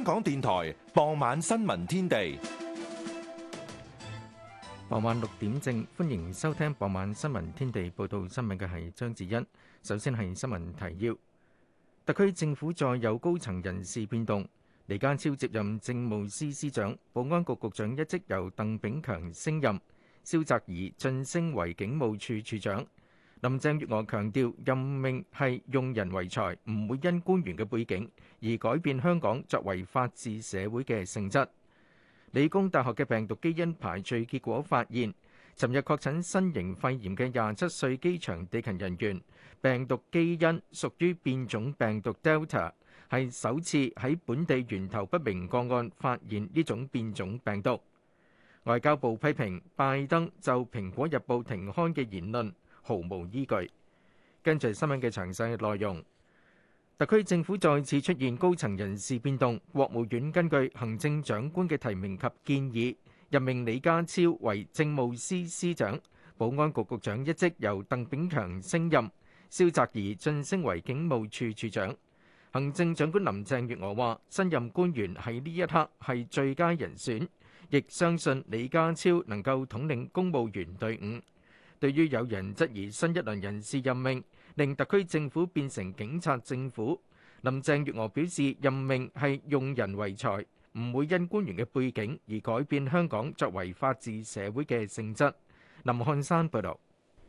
香港電台傍晚新聞天地，傍晚六點正，歡迎收聽傍晚新聞天地。報道新聞嘅係張子欣。首先係新聞提要。特區政府再有高層人事變動，李家超接任政務司司長，保安局局長一職由鄧炳強升任，蕭澤頤晉升為警務處處長。林鄭月娥強調，任命係用人為才，唔會因官員嘅背景而改變香港作為法治社會嘅性質。理工大學嘅病毒基因排序結果發現，尋日確診新型肺炎嘅廿七歲機場地勤人員，病毒基因屬於變種病毒 Delta，係首次喺本地源頭不明個案發現呢種變種病毒。外交部批評拜登就《蘋果日報》停刊嘅言論毫無依據。跟住新聞嘅詳細內容，特區政府再次出現高層人事變動。國務院根據行政長官嘅提名及建議，任命李家超為政務司司長，保安局局長一職由鄧炳強升任，蕭澤頤晉升為警務處處長。行政長官林鄭月娥話：新任官員喺呢一刻係最佳人選，亦相信李家超能夠統領公務員隊伍。對於有人質疑新一輪人事任命，令特區政府變成警察政府，林鄭月娥表示，任命係用人唯才，唔會因官員嘅背景而改變香港作為法治社會嘅性質。林漢山報道。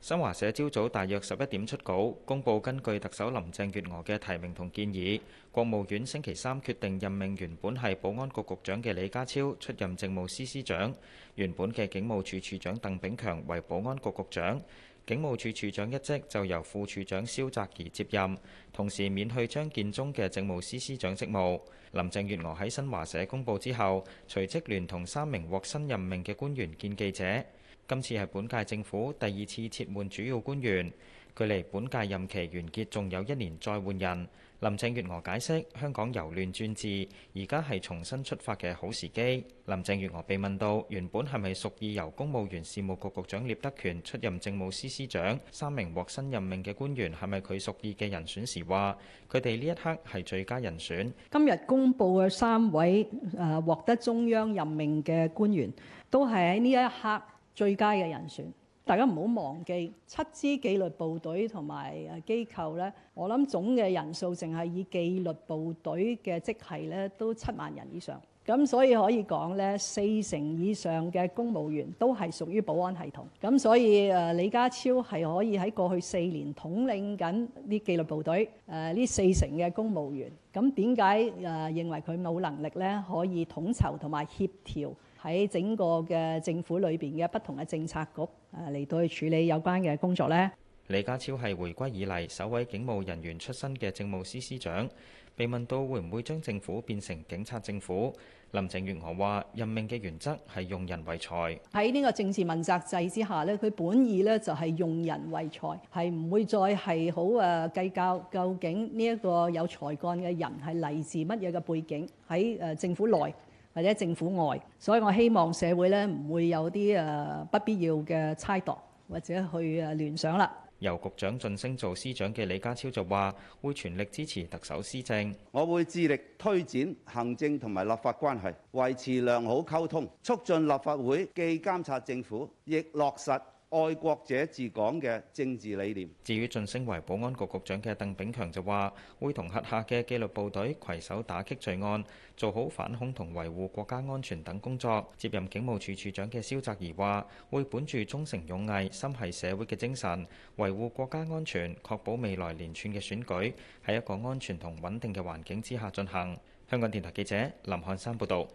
新華社朝早大約十一點出稿，公布根據特首林鄭月娥嘅提名同建議，國務院星期三決定任命原本係保安局局長嘅李家超出任政務司司長，原本嘅警務處處長鄧炳強為保安局局長，警務處處長一職就由副處長蕭澤頤接任，同時免去張建宗嘅政務司司長職務。林鄭月娥喺新華社公佈之後，隨即聯同三名獲新任命嘅官員見記者。今次係本屆政府第二次撤換主要官員，距離本屆任期完結仲有一年再換人。林鄭月娥解釋，香港由亂轉治，而家係重新出發嘅好時機。林鄭月娥被問到原本係咪屬意由公務員事務局局長聶德權出任政務司司長，三名獲新任命嘅官員係咪佢屬意嘅人選時，話佢哋呢一刻係最佳人選。今日公布嘅三位誒、獲得中央任命嘅官員，都係喺呢一刻最佳嘅人選。大家唔好忘記，七支紀律部隊同埋誒機構呢，我諗總嘅人數淨係以紀律部隊嘅職系呢，都七萬人以上。咁所以可以講呢，四成以上嘅公務員都係屬於保安系統。咁所以誒、呃，李家超係可以喺過去四年統領緊啲紀律部隊，誒、呃、呢四成嘅公務員。咁點解誒認為佢冇能力呢？可以統籌同埋協調？喺整個嘅政府裏邊嘅不同嘅政策局，誒嚟到去處理有關嘅工作呢。李家超係回歸以嚟首位警務人員出身嘅政務司司長。被問到會唔會將政府變成警察政府，林鄭月娥話：任命嘅原則係用人為才。喺呢個政治問責制之下呢，佢本意呢就係用人唯才，係唔會再係好誒計較究竟呢一個有才幹嘅人係嚟自乜嘢嘅背景，喺誒政府內，或者政府外，所以我希望社會呢唔會有啲誒不必要嘅猜度或者去誒聯想啦。由局長晉升做司長嘅李家超就話：會全力支持特首施政。我會致力推展行政同埋立法關係，維持良好溝通，促進立法會既監察政府，亦落實愛國者治港嘅政治理念。至於晉升為保安局局長嘅鄧炳強就話：會同轄下嘅紀律部隊攜手打擊罪案。做好反恐同維護國家安全等工作。接任警務處處長嘅蕭澤頤話，會本住忠誠勇毅、心繫社會嘅精神，維護國家安全，確保未來連串嘅選舉喺一個安全同穩定嘅環境之下進行。香港電台記者林漢山報導。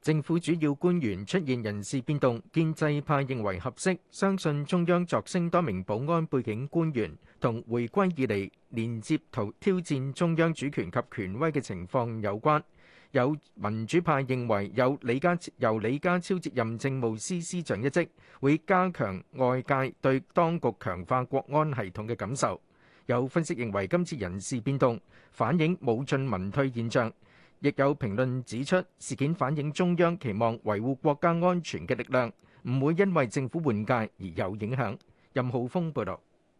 政府主要官員出現人事變動，建制派認為合適，相信中央擢升多名保安背景官員，同回歸以嚟連接同挑挑戰中央主權及權威嘅情況有關。有民主派認為，有李家由李家超接任政務司司長一職，會加強外界對當局強化國安系統嘅感受。有分析認為，今次人事變動反映武進民退現象，亦有評論指出，事件反映中央期望維護國家安全嘅力量唔會因為政府換屆而有影響。任浩峰報道。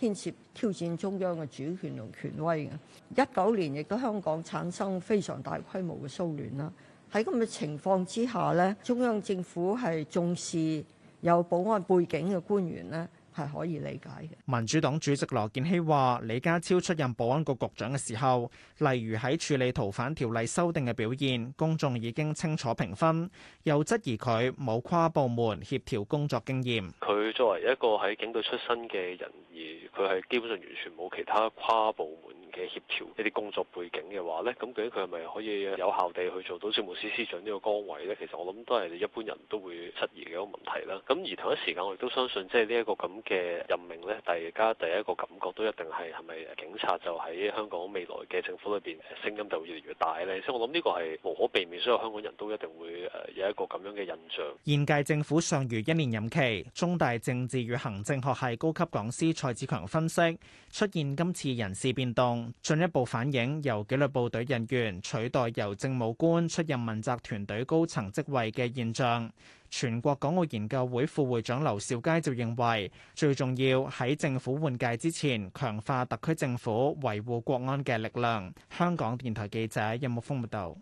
牽涉挑戰中央嘅主權同權威嘅，一九年亦都香港產生非常大規模嘅騷亂啦。喺咁嘅情況之下咧，中央政府係重視有保安背景嘅官員咧，係可以理解嘅。民主黨主席羅健熙話，李家超出任保安局局長嘅時候，例如喺處理逃犯條例修訂嘅表現，公眾已經清楚評分，又質疑佢冇跨部門協調工作經驗。佢作為一個喺警隊出身嘅人，而佢係基本上完全冇其他跨部門。協調一啲工作背景嘅話呢，咁究竟佢係咪可以有效地去做到政務司司長呢個崗位呢？其實我諗都係一般人都會質疑嘅一個問題啦。咁而同一時間，我亦都相信即係呢一個咁嘅任命呢，大家第一個感覺都一定係係咪警察就喺香港未來嘅政府裏邊聲音就會越嚟越大呢？所以我諗呢個係無可避免，所有香港人都一定會誒有一個咁樣嘅印象。現屆政府尚餘一年任期，中大政治與行政學系高級講師蔡志強分析，出現今次人事變動，進一步反映由紀律部隊人員取代由政務官出任問責團隊高層職位嘅現象。全國港澳研究會副會長劉兆佳就認為，最重要喺政府換屆之前，強化特區政府維護國安嘅力量。香港電台記者任木豐報道。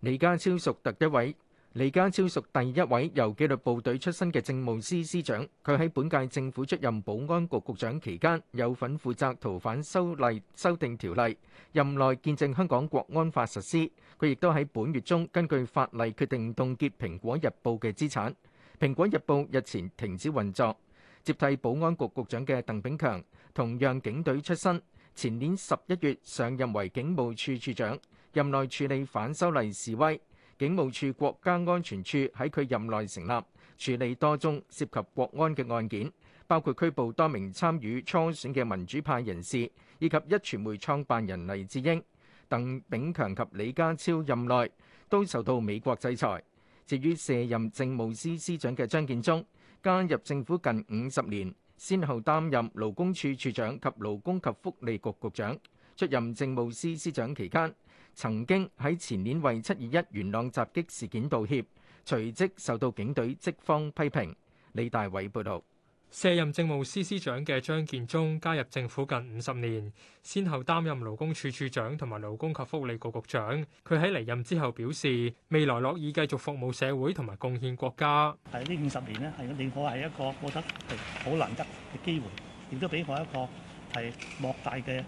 李家超屬特一位。李家超屬第一位由紀律部隊出身嘅政務司司長，佢喺本屆政府出任保安局局長期間有份負責逃犯修例修訂條例，任內見證香港國安法實施。佢亦都喺本月中根據法例決定凍結蘋果日報嘅資產，蘋果日報日前停止運作。接替保安局局長嘅鄧炳強同樣警隊出身，前年十一月上任為警務處處長，任內處理反修例示威。警務處國家安全處喺佢任內成立，處理多宗涉及國安嘅案件，包括拘捕多名參與初選嘅民主派人士，以及一傳媒創辦人黎智英、鄧炳強及李家超任內都受到美國制裁。至於卸任政務司司長嘅張建宗，加入政府近五十年，先後擔任勞工處,處處長及勞工及福利局局長，出任政務司司長期間。曾經喺前年為七二一元朗襲擊事件道歉，隨即受到警隊職方批評。李大偉報導，卸任政務司司長嘅張建宗加入政府近五十年，先後擔任勞工處處長同埋勞工及福利局局長。佢喺離任之後表示，未來樂意繼續服務社會同埋貢獻國家。喺呢五十年咧，係令我係一個我覺得係好難得嘅機會，亦都俾我一個係莫大嘅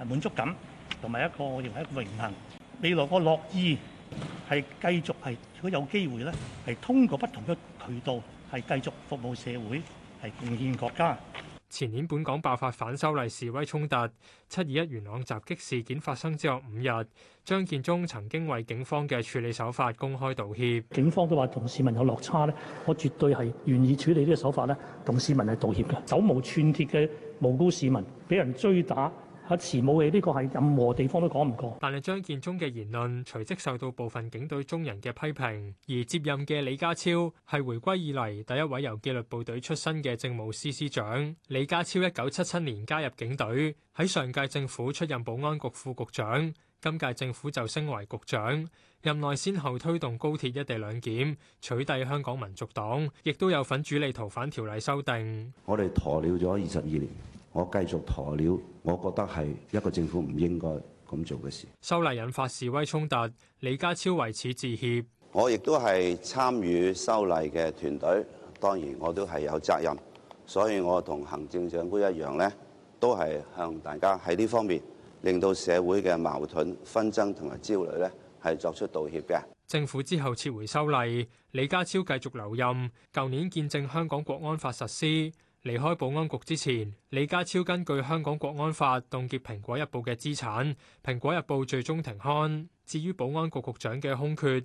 係滿足感。同埋一個我認為一個榮幸，未來我樂意係繼續係，如果有機會咧，係通過不同嘅渠道係繼續服務社會，係貢獻國家。前年本港爆發反修例示威衝突，七二一元朗襲擊事件發生之後五日，張建忠曾經為警方嘅處理手法公開道歉。警方都話同市民有落差咧，我絕對係願意處理呢個手法咧，同市民係道歉嘅。手無寸鐵嘅無辜市民，俾人追打。不辭武力呢個係任何地方都講唔過。但係張建宗嘅言論隨即受到部分警隊中人嘅批評，而接任嘅李家超係回歸以嚟第一位由紀律部隊出身嘅政務司司長。李家超一九七七年加入警隊，喺上屆政府出任保安局副局長，今屆政府就升為局長，任內先後推動高鐵一地兩檢，取締香港民族黨，亦都有份主理逃犯條例修訂。我哋鴕鳥咗二十二年。我繼續陀料，我覺得係一個政府唔應該咁做嘅事。修例引發示威衝突，李家超為此致歉。我亦都係參與修例嘅團隊，當然我都係有責任，所以我同行政長官一樣呢都係向大家喺呢方面令到社會嘅矛盾、紛爭同埋焦慮呢係作出道歉嘅。政府之後撤回修例，李家超繼續留任。舊年見證香港國安法實施。離開保安局之前，李家超根據香港國安法凍結《蘋果日報》嘅資產，《蘋果日報》最終停刊。至於保安局局長嘅空缺，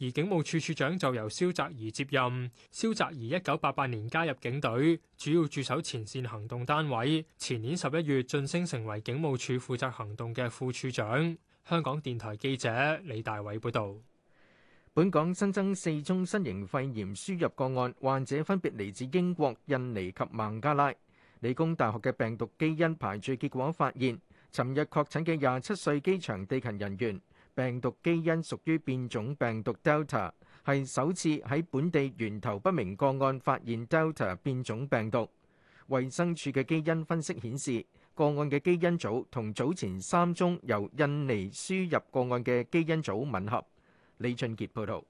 而警務處處長就由蕭澤頤接任。蕭澤頤一九八八年加入警隊，主要駐守前線行動單位。前年十一月晉升成為警務處負責行動嘅副處長。香港電台記者李大偉報道。本港新增四宗新型肺炎輸入個案，患者分別嚟自英國、印尼及孟加拉。理工大學嘅病毒基因排序結果發現，尋日確診嘅廿七歲機場地勤人員。病毒基因屬於變種病毒 Delta，係首次喺本地源頭不明個案發現 Delta 變種病毒。衛生署嘅基因分析顯示，個案嘅基因組同早前三宗由印尼輸入個案嘅基因組吻合。李俊傑報道。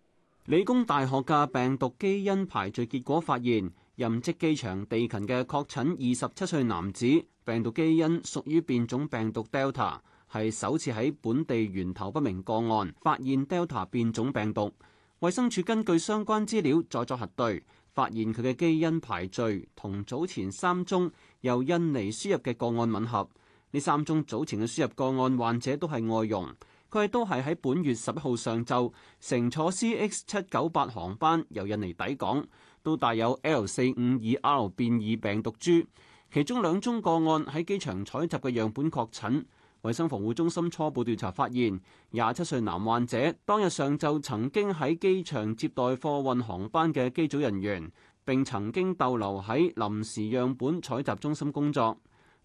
理工大學嘅病毒基因排序結果發現，任職機場地勤嘅確診二十七歲男子，病毒基因屬於變種病毒 Delta。係首次喺本地源頭不明個案發現 Delta 變種病毒。衛生署根據相關資料再作核對，發現佢嘅基因排序同早前三宗由印尼輸入嘅個案吻合。呢三宗早前嘅輸入個案患者都係外傭，佢哋都係喺本月十一號上晝乘坐 CX 七九八航班由印尼抵港，都帶有 L 四五二 R 變異病毒株。其中兩宗個案喺機場採集嘅樣本確診。衛生防護中心初步調查發現，廿七歲男患者當日上晝曾經喺機場接待貨運航班嘅機組人員，並曾經逗留喺臨時樣本採集中心工作。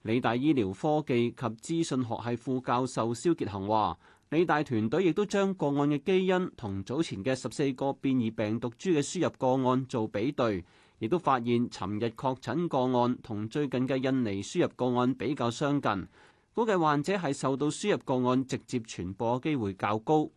理大醫療科技及資訊學系副教授蕭傑恆話，理大團隊亦都將個案嘅基因同早前嘅十四個變異病毒株嘅輸入個案做比對，亦都發現尋日確診個案同最近嘅印尼輸入個案比較相近。估計患者係受到輸入個案直接傳播嘅機會較高。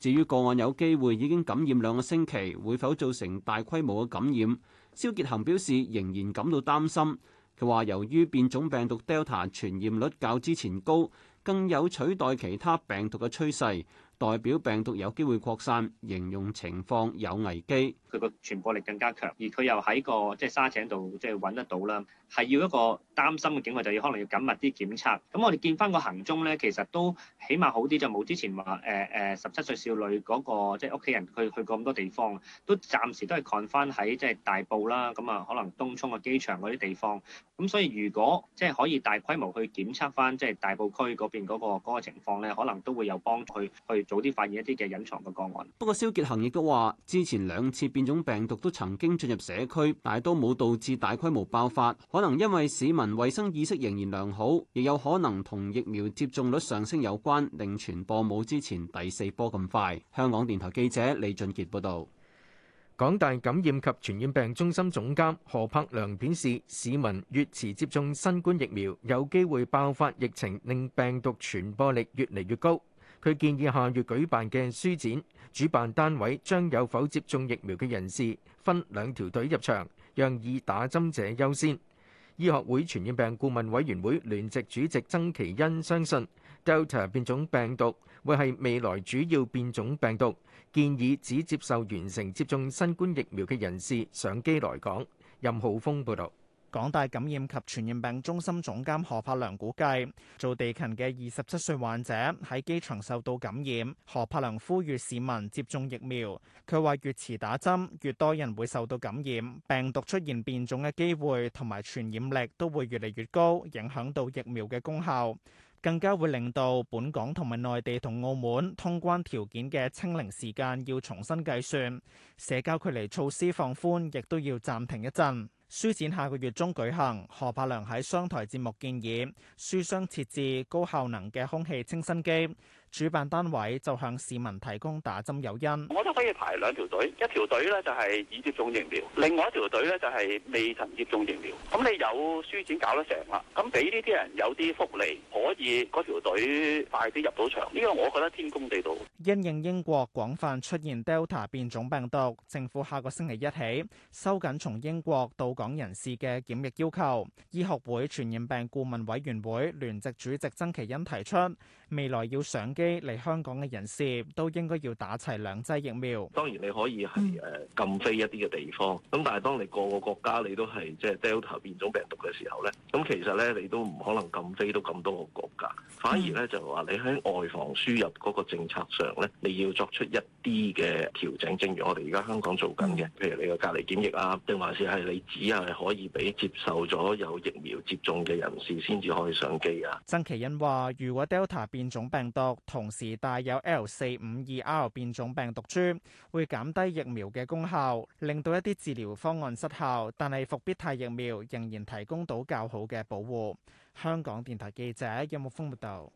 至於個案有機會已經感染兩個星期，會否造成大規模嘅感染？蕭傑恒表示仍然感到擔心。佢話由於變種病毒 Delta 傳染率較之前高，更有取代其他病毒嘅趨勢，代表病毒有機會擴散，形容情況有危機。佢個傳播力更加強，而佢又喺個即係沙井度即係揾得到啦，係要一個擔心嘅景況，就要可能要緊密啲檢測。咁我哋見翻個行蹤咧，其實都起碼好啲，就冇之前話誒誒十七歲少女嗰個即係屋企人去去過咁多地方，都暫時都係看翻喺即係大埔啦，咁啊可能東涌嘅機場嗰啲地方。咁所以如果即係可以大規模去檢測翻即係大埔區嗰邊嗰個嗰個嗰個情況咧，可能都會有幫佢去早啲發現一啲嘅隱藏嘅個案。不過蕭傑恒亦都話，之前兩次呢種病毒都曾經進入社區，但都冇導致大規模爆發，可能因為市民衛生意識仍然良好，亦有可能同疫苗接種率上升有關，令傳播冇之前第四波咁快。香港電台記者李俊傑報道，港大感染及傳染病中心總監何柏良表示，市民越遲接種新冠疫苗，有機會爆發疫情，令病毒傳播力越嚟越高。佢建議下月舉辦嘅書展，主辦單位將有否接種疫苗嘅人士分兩條隊入場，讓已打針者優先。醫學會傳染病顧問委員會聯席主席曾其恩相信 Delta 變種病毒會係未來主要變種病毒，建議只接受完成接種新冠疫苗嘅人士上機來港。任浩峰報導。港大感染及傳染病中心總監何柏良估計做地勤嘅二十七歲患者喺機場受到感染。何柏良呼籲市民接種疫苗。佢話越遲打針越多人會受到感染，病毒出現變種嘅機會同埋傳染力都會越嚟越高，影響到疫苗嘅功效，更加會令到本港同埋內地同澳門通關條件嘅清零時間要重新計算，社交距離措施放寬亦都要暫停一陣。書展下個月中舉行，何柏良喺商台節目建議書商設置高效能嘅空氣清新機。主辦單位就向市民提供打針誘因，我都可以排兩條隊，一條隊呢就係已接種疫苗，另外一條隊呢就係未曾接種疫苗。咁你有書展搞得成啦，咁俾呢啲人有啲福利，可以嗰條隊快啲入到場。呢個我覺得天公地道。因應英國廣泛出現 Delta 變種病毒，政府下個星期一起收緊從英國到港人士嘅檢疫要求。醫學會傳染病顧問委員會聯席主席曾其恩提出。未來要上機嚟香港嘅人士，都應該要打齊兩劑疫苗。當然你可以係誒禁飛一啲嘅地方，咁但係當你個個國家你都係即係、就是、Delta 變種病毒嘅時候咧，咁其實咧你都唔可能禁飛到咁多個國家，反而咧就話你喺外防輸入嗰個政策上咧，你要作出一啲嘅調整。正如我哋而家香港做緊嘅，譬如你嘅隔離檢疫啊，定還是係你只係可以俾接受咗有疫苗接種嘅人士先至可以上機啊。曾其恩話：如果 Delta 變變種病毒同時帶有 L 四五二 R 變種病毒株，會減低疫苗嘅功效，令到一啲治療方案失效。但係復必泰疫苗仍然提供到較好嘅保護。香港電台記者任木峰報道。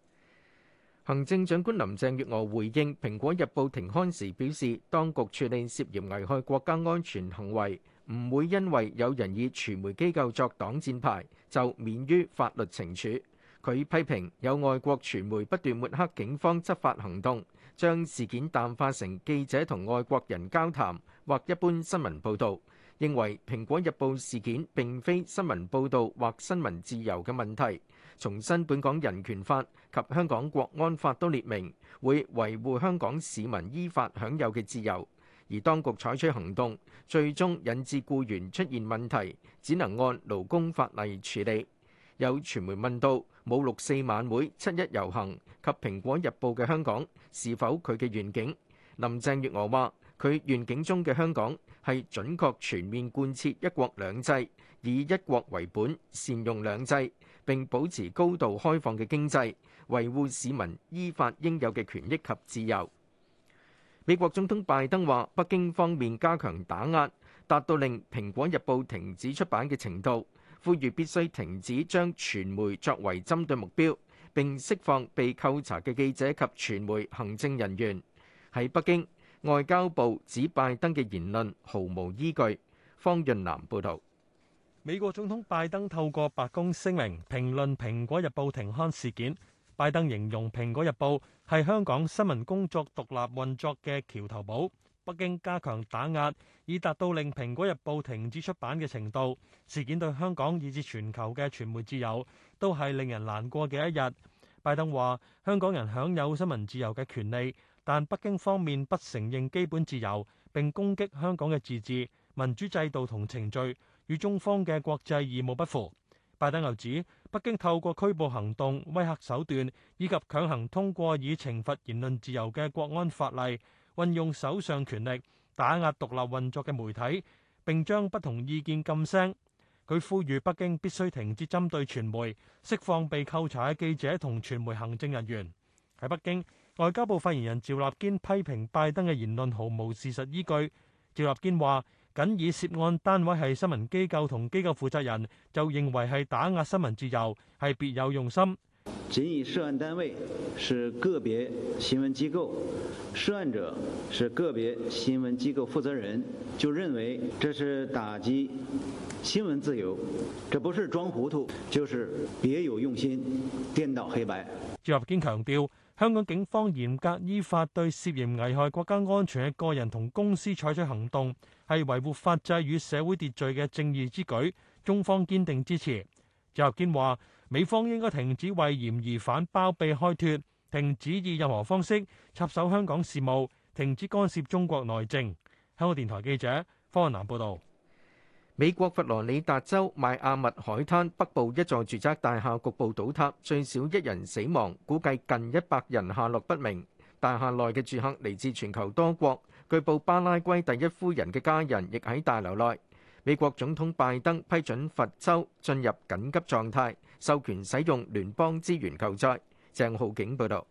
行政長官林鄭月娥回應《蘋果日報》停刊時表示，當局處理涉嫌危害國家安全行為，唔會因為有人以傳媒機構作擋箭牌就免於法律懲處。佢批評有外國傳媒不斷抹黑警方執法行動，將事件淡化成記者同外國人交談或一般新聞報導，認為《蘋果日報》事件並非新聞報導或新聞自由嘅問題。重申本港《人權法》及香港《國安法》都列明會維護香港市民依法享有嘅自由，而當局採取行動，最終引致僱員出現問題，只能按勞工法例處理。有傳媒問到冇六四晚會、七一遊行及《蘋果日報》嘅香港是否佢嘅願景，林鄭月娥話：佢願景中嘅香港係準確全面貫徹一國兩制，以一國為本，善用兩制，並保持高度開放嘅經濟，維護市民依法應有嘅權益及自由。美國總統拜登話：北京方面加強打壓，達到令《蘋果日報》停止出版嘅程度。呼籲必須停止將傳媒作為針對目標，並釋放被扣查嘅記者及傳媒行政人員。喺北京，外交部指拜登嘅言論毫無依據。方潤南報導。美國總統拜登透過白宮聲明評論《蘋果日報》停刊事件，拜登形容《蘋果日報》係香港新聞工作獨立運作嘅橋頭堡。北京加強打壓，以達到令《蘋果日報》停止出版嘅程度。事件對香港以至全球嘅傳媒自由，都係令人難過嘅一日。拜登話：香港人享有新聞自由嘅權利，但北京方面不承認基本自由，並攻擊香港嘅自治、民主制度同程序，與中方嘅國際義務不符。拜登又指，北京透過拘捕行動、威嚇手段以及強行通過以懲罰言論自由嘅國安法例。運用手上權力打壓獨立運作嘅媒體，並將不同意見禁聲。佢呼籲北京必須停止針對傳媒，釋放被扣查嘅記者同傳媒行政人員。喺北京，外交部發言人趙立堅批評拜登嘅言論毫無事實依據。趙立堅話：僅以涉案單位係新聞機構同機構負責人，就認為係打壓新聞自由，係別有用心。僅以涉案單位是個別新聞機構，涉案者是個別新聞機構負責人，就認為這是打擊新聞自由，這不是裝糊塗，就是別有用心，顛倒黑白。趙立堅強調，香港警方嚴格依法對涉嫌危害國家安全嘅個人同公司採取行動，係維護法制與社會秩序嘅正義之舉，中方堅定支持。趙立堅話美方應該停止為嫌疑犯包庇開脱，停止以任何方式插手香港事務，停止干涉中國內政。香港電台記者方雲南報道：美國佛羅里達州邁阿密海灘北部一座住宅大廈局部倒塌，最少一人死亡，估計近一百人下落不明。大廈內嘅住客嚟自全球多國，據報巴拉圭第一夫人嘅家人亦喺大樓內。美國總統拜登批准佛州進入緊急狀態，授權使用聯邦資源救災。鄭浩景報道。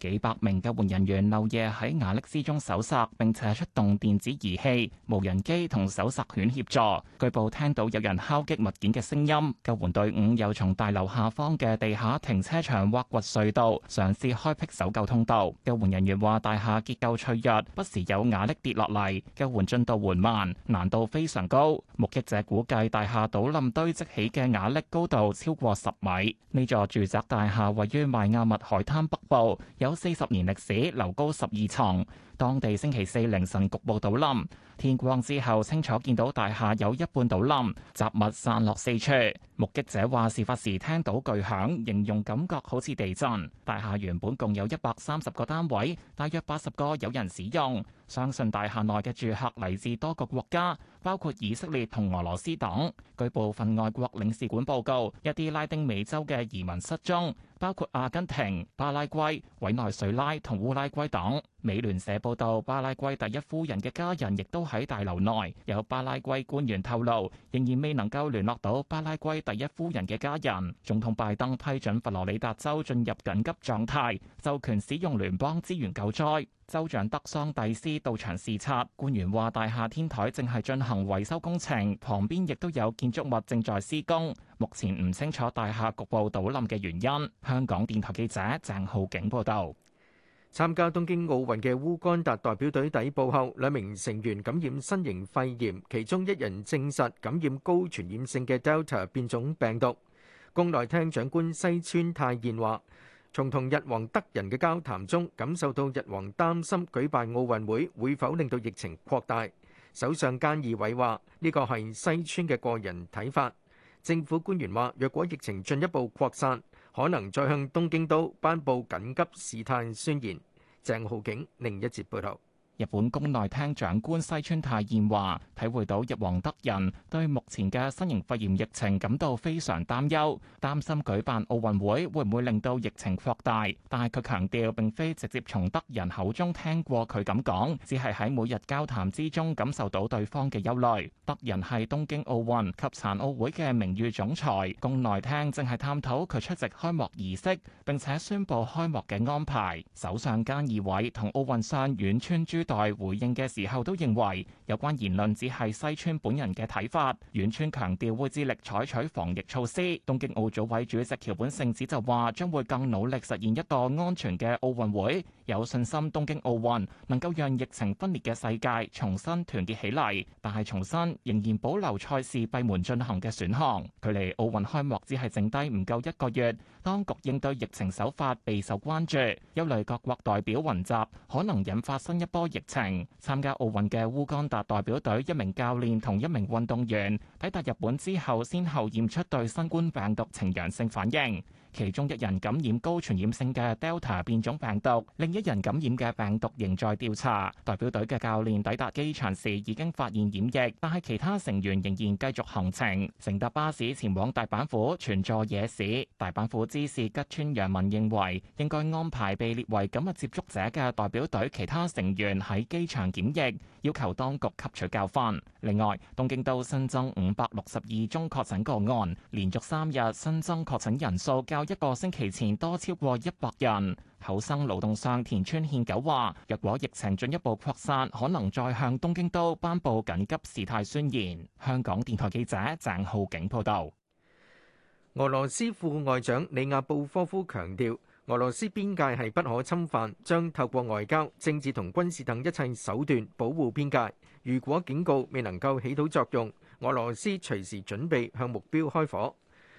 幾百名救援人員漏夜喺瓦礫之中搜索，並且出動電子儀器、無人機同搜索犬協助。據報聽到有人敲擊物件嘅聲音，救援隊伍又從大樓下方嘅地下停車場挖掘隧道，嘗試開闢搜救通道。救援人員話：大廈結構脆弱，不時有瓦礫跌落嚟，救援進度緩慢，難度非常高。目擊者估計大廈倒冧堆積起嘅瓦礫高度超過十米。呢座住宅大廈位於邁亞密海灘北部。有四十年歷史，樓高十二層，當地星期四凌晨局部倒冧。天光之後，清楚見到大廈有一半倒冧，雜物散落四處。目擊者話，事發時聽到巨響，形容感覺好似地震。大廈原本共有一百三十個單位，大約八十個有人使用。相信大廈內嘅住客嚟自多個國家，包括以色列同俄羅斯等。據部分外國領事館報告，一啲拉丁美洲嘅移民失蹤。包括阿根廷、巴拉圭、委內瑞拉同烏拉圭等。美聯社報道，巴拉圭第一夫人嘅家人亦都喺大樓內。有巴拉圭官員透露，仍然未能夠聯絡到巴拉圭第一夫人嘅家人。總統拜登批准佛羅里達州進入緊急狀態，授權使用聯邦資源救災。州長德桑蒂斯到場視察，官員話大廈天台正係進行維修工程，旁邊亦都有建築物正在施工。目前唔清楚大廈局部倒冧嘅原因。香港電台記者鄭浩景報道。參加東京奧運嘅烏干達代表隊抵埗後，兩名成員感染新型肺炎，其中一人證實感染高傳染性嘅 Delta 變種病毒。宮內廳長官西村泰彥話：從同日皇德仁嘅交談中，感受到日皇擔心舉辦奧運會會否令到疫情擴大。首相菅義偉話：呢個係西村嘅個人睇法。政府官員話：若果疫情進一步擴散，可能再向東京都頒布緊急事態宣言。鄭浩景另一節報道。日本宮內廳長官西村泰彥話，體會到日皇德仁對目前嘅新型肺炎疫情感到非常擔憂，擔心舉辦奧運會會唔會令到疫情擴大。但係佢強調並非直接從德仁口中聽過佢咁講，只係喺每日交談之中感受到對方嘅憂慮。德仁係東京奧運及殘奧會嘅名譽總裁，宮內廳正係探討佢出席開幕儀式並且宣布開幕嘅安排。首相菅義偉同奧運相丸川珠。回應嘅時候都認為有關言論只係西村本人嘅睇法。遠川強調會致力採取防疫措施。東京奧組委主席橋本聖子就話將會更努力實現一個安全嘅奧運會。有信心東京奧運能夠讓疫情分裂嘅世界重新團結起嚟，但係重新仍然保留賽事閉門進行嘅選項。距離奧運開幕只係剩低唔夠一個月，當局應對疫情手法備受關注，憂慮各國代表雲集，可能引發新一波疫情。參加奧運嘅烏干達代表隊一名教練同一名運動員抵達日本之後先後驗出對新冠病毒呈陽性反應。其中一人感染高傳染性嘅 Delta 變種病毒，另一人感染嘅病毒仍在調查。代表隊嘅教練抵達機場時已經發現染疫，但係其他成員仍然繼續行程，乘搭巴士前往大阪府泉佐野市。大阪府知事吉村洋文認為應該安排被列為緊密接觸者嘅代表隊其他成員喺機場檢疫，要求當局吸取教訓。另外，東京都新增五百六十二宗確診個案，連續三日新增確診人數較一個星期前多超過一百人。厚生勞動相田村憲久話：若果疫情進一步擴散，可能再向東京都頒布緊急事態宣言。香港電台記者鄭浩景報道。俄羅斯副外長里亞布科夫強調，俄羅斯邊界係不可侵犯，將透過外交、政治同軍事等一切手段保護邊界。如果警告未能夠起到作用，俄羅斯隨時準備向目標開火。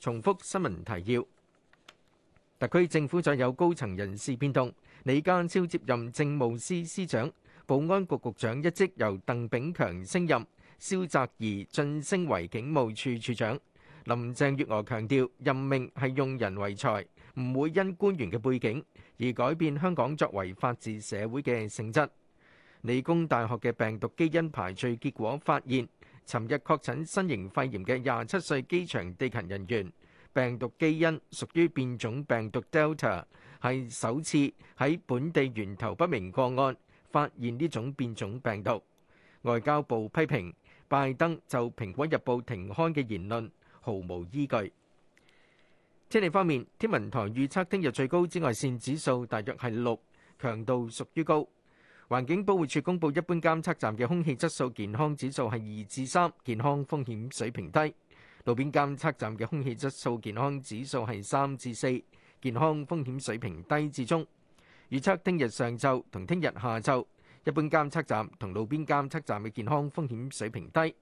重複新聞提要。特區政府再有高層人事變動，李家超接任政務司司長，保安局局長一職由鄧炳強升任，蕭澤頤晉升為警務處處長。林鄭月娥強調，任命係用人為才，唔會因官員嘅背景而改變香港作為法治社會嘅性質。理工大學嘅病毒基因排序結果發現，尋日確診新型肺炎嘅廿七歲機場地勤人員，病毒基因屬於變種病毒 Delta，係首次喺本地源頭不明個案發現呢種變種病毒。外交部批評拜登就《蘋果日報》停刊嘅言論毫無依據。天氣方面，天文台預測聽日最高紫外線指數大約係六，強度屬於高。環境保護署公布，一般監測站嘅空氣質素健康指數係二至三，健康風險水平低；路邊監測站嘅空氣質素健康指數係三至四，健康風險水平低至中。預測聽日上晝同聽日下晝，一般監測站同路邊監測站嘅健康風險水平低。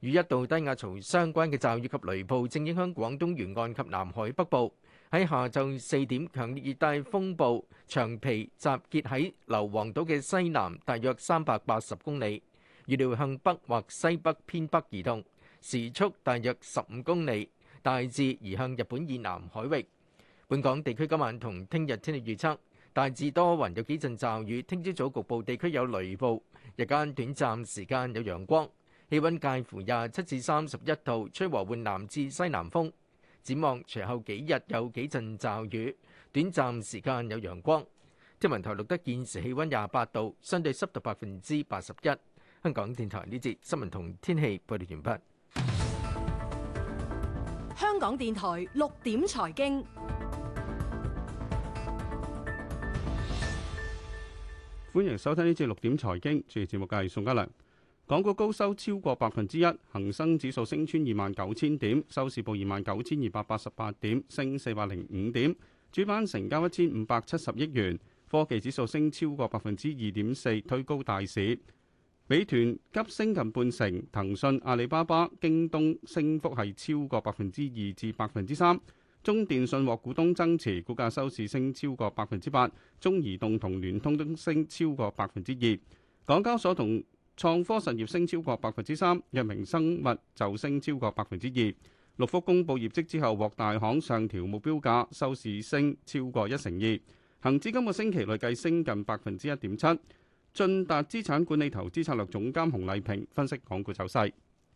與一道低壓槽相關嘅驟雨及雷暴正影響廣東沿岸及南海北部。喺下晝四點，強烈熱帶風暴長皮集結喺硫磺島嘅西南，大約三百八十公里，預料向北或西北偏北移動，時速大約十五公里，大致移向日本以南海域。本港地區今晚同聽日天氣預測大致多雲，有幾陣驟雨，聽朝早局部地區有雷暴，日間短暫時間有陽光，氣温介乎廿七至三十一度，吹和緩南至西南風。展望，隨後幾日有幾陣驟雨，短暫時間有陽光。天文台錄得現時氣溫廿八度，相對濕度百分之八十一。香港電台呢節新聞同天氣報告完畢。香港電台六點財經，歡迎收聽呢節六點財經，主持節目嘅係宋家良。港股高收超過百分之一，恒生指數升穿二萬九千點，收市報二萬九千二百八十八點，升四百零五點。主板成交一千五百七十億元，科技指數升超過百分之二點四，推高大市。美團急升近半成，騰訊、阿里巴巴、京東升幅係超過百分之二至百分之三。中電信獲股東增持，股價收市升超過百分之八。中移動同聯通都升超過百分之二。港交所同創科實業升超過百分之三，藥明生物就升超過百分之二，六福公布業績之後獲大行上調目標價，收市升超過一成二，恒指今個星期累計升近百分之一點七。晉達資產管理投資策略總監洪麗萍分析港股走勢。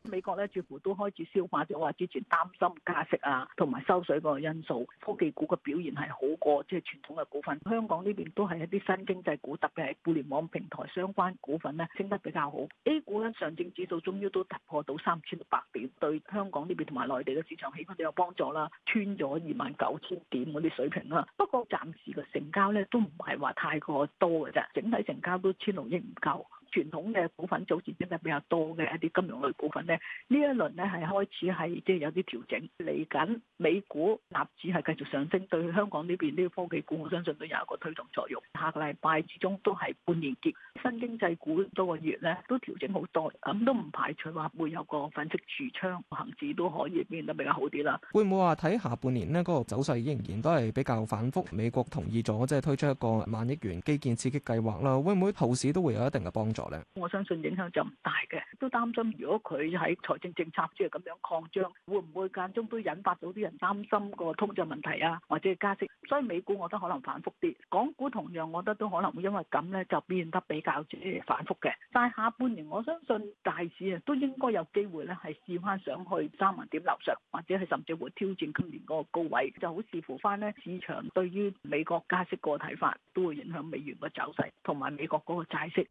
美國咧似乎都開始消化咗話之前擔心加息啊，同埋收水嗰個因素，科技股嘅表現係好過即係、就是、傳統嘅股份。香港呢邊都係一啲新經濟股，特別係互聯網平台相關股份咧，升得比較好。A 股咧上證指數終於都突破到三千六百點，對香港呢邊同埋內地嘅市場起碼都有幫助啦，穿咗二萬九千點嗰啲水平啦。不過暫時嘅成交咧都唔係話太過多嘅啫，整體成交都千六億唔夠。傳統嘅股份組織比較多嘅一啲金融類股份咧，呢一輪咧係開始係即係有啲調整。嚟緊美股納指係繼續上升，對香港呢邊啲科技股，我相信都有一個推動作用。下個禮拜始終都係半年結新經濟股多個月咧，都調整好多，咁都唔排除話會有個粉飾櫥窗行市都可以變得比較好啲啦。會唔會話睇下半年咧嗰個走勢仍然都係比較反覆？美國同意咗即係推出一個萬億元基建刺激計劃啦，會唔會後市都會有一定嘅幫？我相信影響就唔大嘅，都擔心如果佢喺財政政策之類咁樣擴張，會唔會間中都引發到啲人擔心個通脹問題啊，或者加息？所以美股我覺得可能反覆啲，港股同樣我覺得都可能會因為咁呢，就變得比較之反覆嘅。但係下半年我相信大市啊，都應該有機會呢，係試翻上去三萬點樓上，或者係甚至會挑戰今年個高位。就好視乎翻呢市場對於美國加息個睇法，都會影響美元個走勢同埋美國嗰個債息。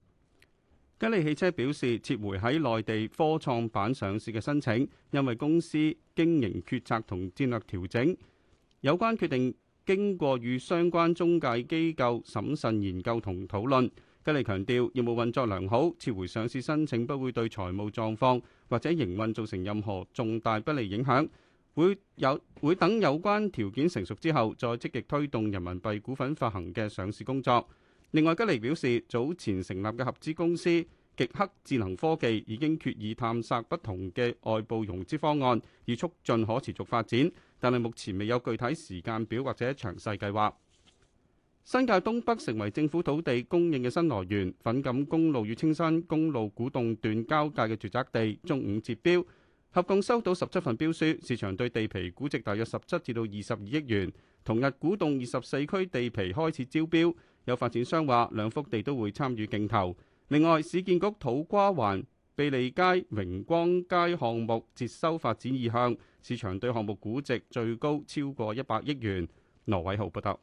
吉利汽車表示撤回喺內地科創板上市嘅申請，因為公司經營決策同戰略調整。有關決定經過與相關中介機構審慎研究同討論。吉利強調業務運作良好，撤回上市申請不會對財務狀況或者營運造成任何重大不利影響。會有會等有關條件成熟之後，再積極推動人民幣股份發行嘅上市工作。另外，吉利表示早前成立嘅合資公司極氪智能科技已經決意探索不同嘅外部融資方案，以促進可持續發展。但係目前未有具體時間表或者詳細計劃。新界東北成為政府土地供應嘅新來源。粉錦公路與青山公路古洞段交界嘅住宅地中午截標，合共收到十七份標書。市場對地皮估值大約十七至到二十二億元。同日，古洞二十四區地皮開始招標。有發展商話兩幅地都會參與競投。另外，市建局土瓜環土瓜灣庇利街榮光街項目接收發展意向，市場對項目估值最高超過一百億元。羅偉浩報道。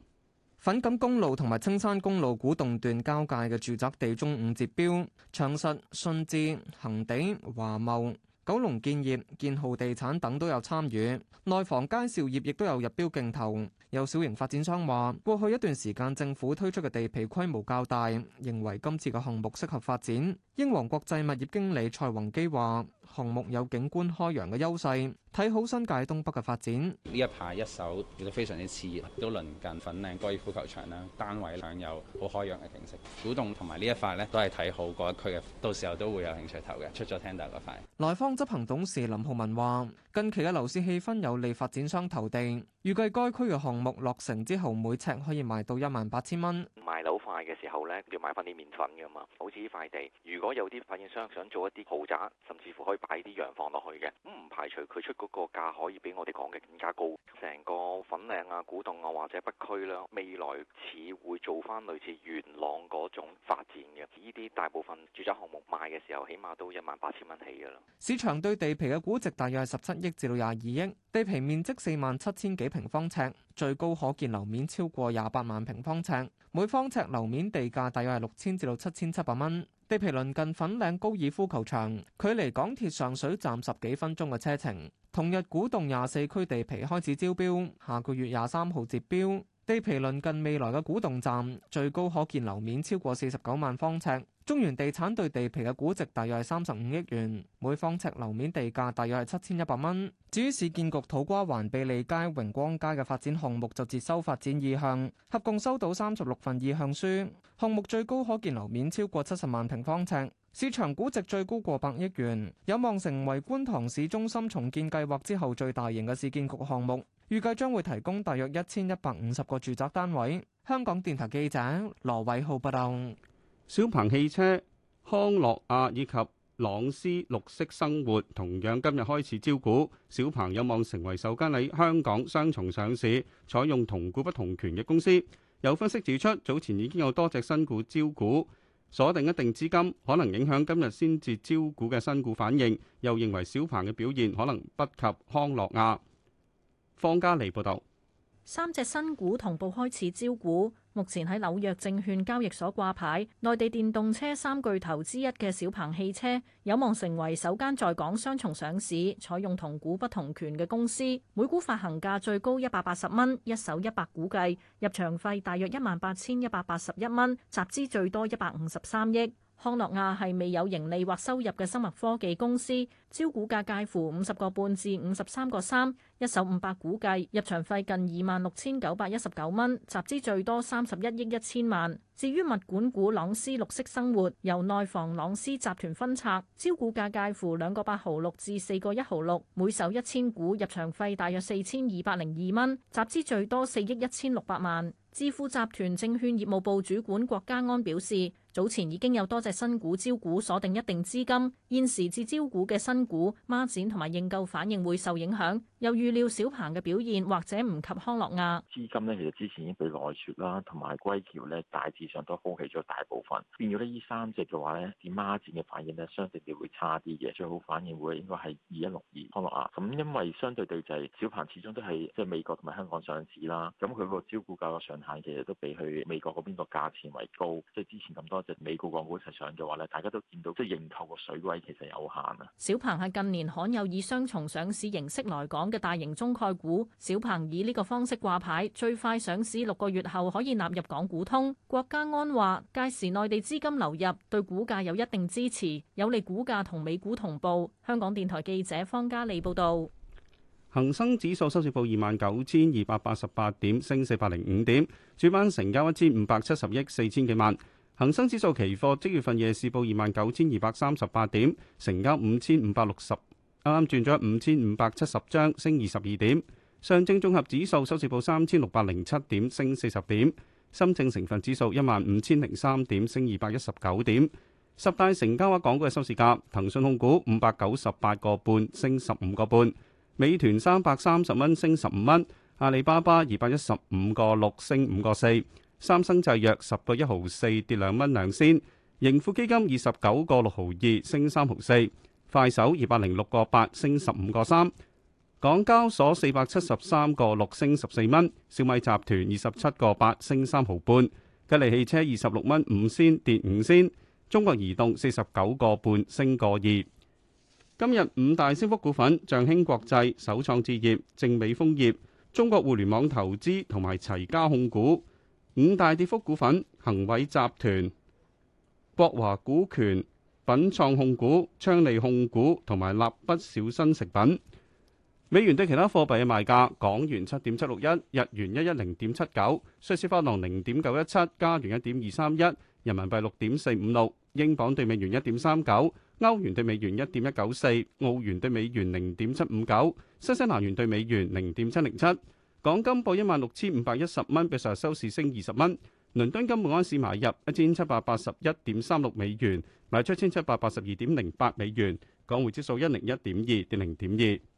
粉錦公路同埋青山公路古洞段交界嘅住宅地中午截標，長實、信置、恆地、華茂、九龍建業、建浩地產等都有參與。內房佳兆業亦都有入標競投。有小型發展商話：過去一段時間政府推出嘅地皮規模較大，認為今次嘅項目適合發展。英皇國際物業經理蔡宏基話。項目有景觀開揚嘅優勢，睇好新界東北嘅發展。呢一排一手亦都非常之熾熱，都鄰近粉嶺高爾夫球場啦，單位享有好開揚嘅景色。股東同埋呢一塊咧都係睇好嗰一區嘅，到時候都會有興趣投嘅。出咗 Tender 嗰塊。來方執行董事林浩文話：近期嘅樓市氣氛有利發展商投地，預計該區嘅項目落成之後，每呎可以賣到一萬八千蚊。賣樓塊嘅時候呢，要買翻啲麪粉㗎嘛。好似呢塊地，如果有啲發展商想做一啲豪宅，甚至乎可以，買啲洋房落去嘅，唔排除佢出嗰個價可以比我哋講嘅更加高。成個粉嶺啊、古洞啊或者北區啦，未來似會做翻類似元朗嗰種發展嘅。呢啲大部分住宅項目賣嘅時候，起碼都一萬八千蚊起㗎啦。市場對地皮嘅估值大約係十七億至到廿二億，地皮面積四萬七千幾平方尺，最高可建樓面超過廿八萬平方尺，每方尺樓面地價大約係六千至到七千七百蚊。地皮鄰近粉嶺高爾夫球場，距離港鐵上水站十幾分鐘嘅車程。同日，古洞廿四區地皮開始招標，下個月廿三號截標。地皮鄰近未來嘅古洞站，最高可建樓面超過四十九萬方尺，中原地產對地皮嘅估值大約係三十五億元，每方尺樓面地價大約係七千一百蚊。至於市建局土瓜灣庇利街榮光街嘅發展項目就接收發展意向，合共收到三十六份意向書，項目最高可建樓面超過七十萬平方尺，市場估值最高過百億元，有望成為觀塘市中心重建計劃之後最大型嘅市建局項目。預計將會提供大約一千一百五十個住宅單位。香港電台記者羅偉浩報導。小鵬汽車、康樂亞以及朗詩綠色生活同樣今日開始招股。小鵬有望成為首間喺香港雙重上市、採用同股不同權嘅公司。有分析指出，早前已經有多隻新股招股，鎖定一定資金，可能影響今日先至招股嘅新股反應。又認為小鵬嘅表現可能不及康樂亞。方家莉報道，三隻新股同步開始招股，目前喺紐約證券交易所掛牌。內地電動車三巨頭之一嘅小鵬汽車有望成為首間在港雙重上市、採用同股不同權嘅公司。每股發行價最高一百八十蚊，一手一百股計，入場費大約一萬八千一百八十一蚊，集資最多一百五十三億。康諾亞係未有盈利或收入嘅生物科技公司，招股價介乎五十個半至五十三個三，一手五百股計，入場費近二萬六千九百一十九蚊，集資最多三十一億一千萬。至於物管股朗詩綠色生活，由內房朗詩集團分拆，招股價介乎兩個八毫六至四個一毫六，每手一千股，入場費大約四千二百零二蚊，集資最多四億一千六百萬。智富集團證券業務部主管郭家安表示。早前已經有多隻新股招股，鎖定一定資金，現時至招股嘅新股孖展同埋認購反應會受影響。又預料小鵬嘅表現或者唔及康樂亞。資金呢，其實之前已經被內説啦，同埋歸橋呢，大致上都高起咗大部分，變咗呢，依三隻嘅話呢啲孖展嘅反應呢，相對地會差啲嘅，最好反應會應該係二一六二康樂亞。咁因為相對地就係小鵬始終都係即係美國同埋香港上市啦，咁佢個招股價嘅上限其實都比佢美國嗰邊個價錢為高，即係之前咁多。美股港股一上嘅話咧，大家都見到即係認購嘅水位其實有限啊。小鵬係近年罕有以雙重上市形式來港嘅大型中概股。小鵬以呢個方式掛牌，最快上市六個月後可以納入港股通。國家安話屆時內地資金流入對股價有一定支持，有利股價同美股同步。香港電台記者方嘉利報道。恆生指數收市報二萬九千二百八十八點，升四百零五點，主板成交一千五百七十億四千幾萬。恒生指數期貨即月份夜市報二萬九千二百三十八點，成交五千五百六十，啱啱轉咗五千五百七十張，升二十二點。上證綜合指數收市報三千六百零七點，升四十點。深證成分指數一萬五千零三點，升二百一十九點。十大成交額港股嘅收市價：騰訊控股五百九十八個半，升十五個半；美團三百三十蚊，升十五蚊；阿里巴巴二百一十五個六，升五個四。三生製藥十個一毫四跌兩蚊兩仙，盈富基金二十九個六毫二升三毫四，快手二百零六個八升十五個三，港交所四百七十三個六升十四蚊，小米集團二十七個八升三毫半，吉利汽車二十六蚊五仙跌五仙，中國移動四十九個半升個二。今日五大升幅股份象興國際、首創置業、正美豐業、中國互聯網投資同埋齊家控股。五大跌幅股份：恒偉集團、博華股權、品創控股、昌利控股同埋蠟筆小新食品。美元對其他貨幣嘅賣價：港元七點七六一，日元一一零點七九，瑞士法郎零點九一七，加元一點二三一，人民幣六點四五六，英鎊對美元一點三九，歐元對美元一點一九四，澳元對美元零點七五九，新西蘭元對美元零點七零七。港金報一萬六千五百一十蚊，比上日收市升二十蚊。倫敦金每盎司買入一千七百八十一點三六美元，賣出一千七百八十二點零八美元。港匯指數一零一點二，跌零點二。